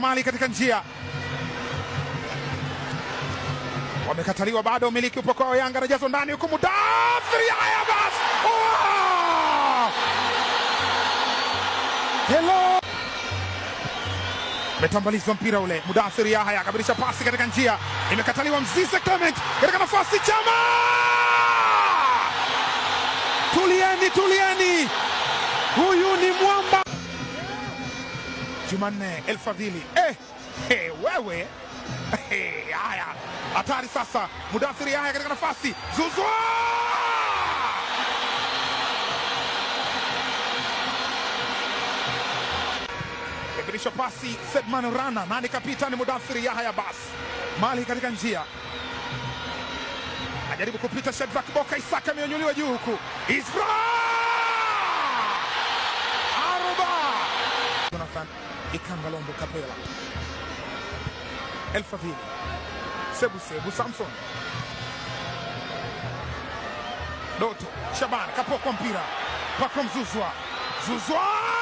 Mali katika njia wamekataliwa, bado umiliki upo kwao. Yanga anajazwa ndani huku Mudathiri. Haya basi, hello, mpira ule. Mudathiri Yahya akabilisha pasi katika njia, imekataliwa. Mzize Clement katika nafasi, Chama, tulieni, tulieni Jumanne Elfadhili. Eh, eh, wewe eh, haya eh, hatari sasa. Mudathiri Yahya katika nafasi zuzu ebirisha pasi Sedman Rana nani kapita ni Mudathiri Yahya. Bas mali katika njia ajaribu kupita Shadrack Boka Isaka, imenyuliwa juu huku Ikangalombo Kapela, Elfaville, Sebu Sebu Samson, Doto Shabani kapokwa mpira, Pakwa Mzuzwa Zuzwa